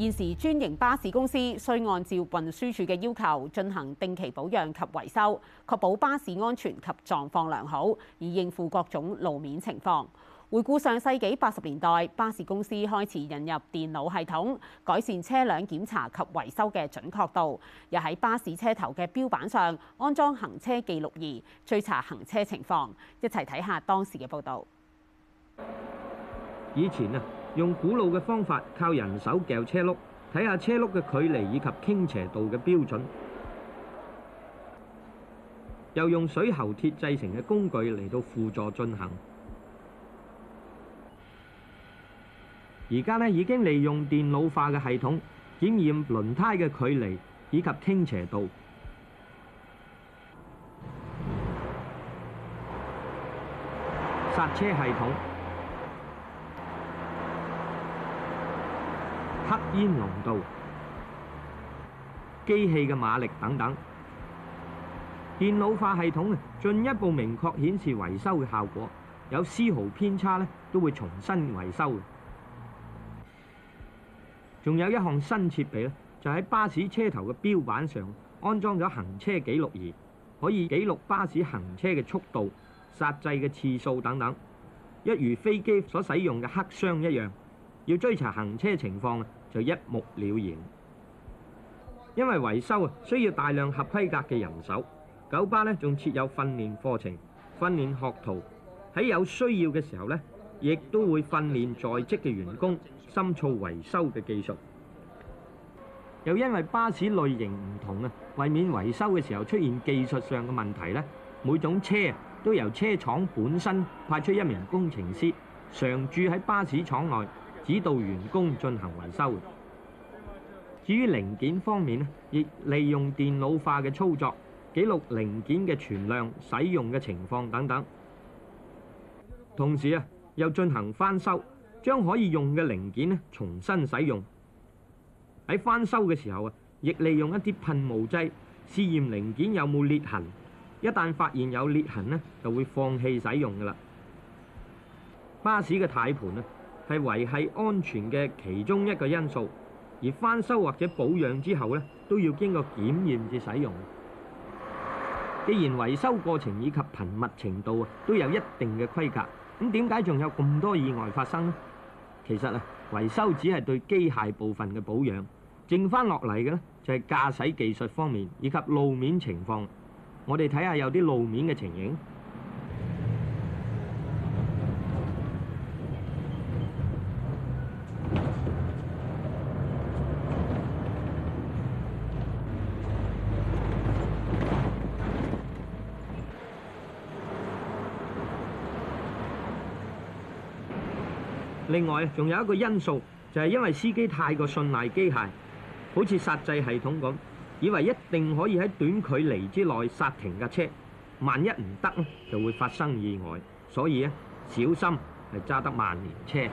現時專營巴士公司需按照運輸署嘅要求進行定期保養及維修，確保巴士安全及狀況良好，以應付各種路面情況。回顧上世紀八十年代，巴士公司開始引入電腦系統，改善車輛檢查及維修嘅準確度，又喺巴士車頭嘅錶板上，安裝行車紀錄儀，追查行車情況。一齊睇下當時嘅報導。以前呢、啊用古老嘅方法，靠人手撬車轆，睇下車轆嘅距離以及傾斜度嘅標準，又用水喉鐵製成嘅工具嚟到輔助進行。而家咧已經利用電腦化嘅系統檢驗輪胎嘅距離以及傾斜度，剎車系統。黑煙濃度、機器嘅馬力等等，電腦化系統啊，進一步明確顯示維修嘅效果，有絲毫偏差咧，都會重新維修。仲有一項新設備咧，就喺巴士車頭嘅錶板上安裝咗行車紀錄儀，可以記錄巴士行車嘅速度、煞制嘅次數等等，一如飛機所使用嘅黑箱一樣，要追查行車情況。就一目了然，因為維修啊需要大量合規格嘅人手，九巴咧仲設有訓練課程、訓練學徒，喺有需要嘅時候咧，亦都會訓練在職嘅員工深造維修嘅技術。又因為巴士類型唔同啊，為免維修嘅時候出現技術上嘅問題咧，每種車都由車廠本身派出一名工程師常駐喺巴士廠內。指導員工進行維修。至於零件方面咧，亦利用電腦化嘅操作記錄零件嘅存量、使用嘅情況等等。同時啊，又進行翻修，將可以用嘅零件咧重新使用。喺翻修嘅時候啊，亦利用一啲噴霧劑試驗零件有冇裂痕。一旦發現有裂痕咧，就會放棄使用㗎喇。巴士嘅軚盤啊～係維係安全嘅其中一個因素，而翻修或者保養之後呢，都要經過檢驗至使用。既然維修過程以及頻密程度啊都有一定嘅規格，咁點解仲有咁多意外發生呢？其實啊，維修只係對機械部分嘅保養，剩翻落嚟嘅呢就係駕駛技術方面以及路面情況。我哋睇下有啲路面嘅情形。另外仲有一個因素就係因為司機太過信賴機械，好似煞制系統咁，以為一定可以喺短距離之內煞停架車，萬一唔得呢就會發生意外。所以咧，小心係揸得萬年車。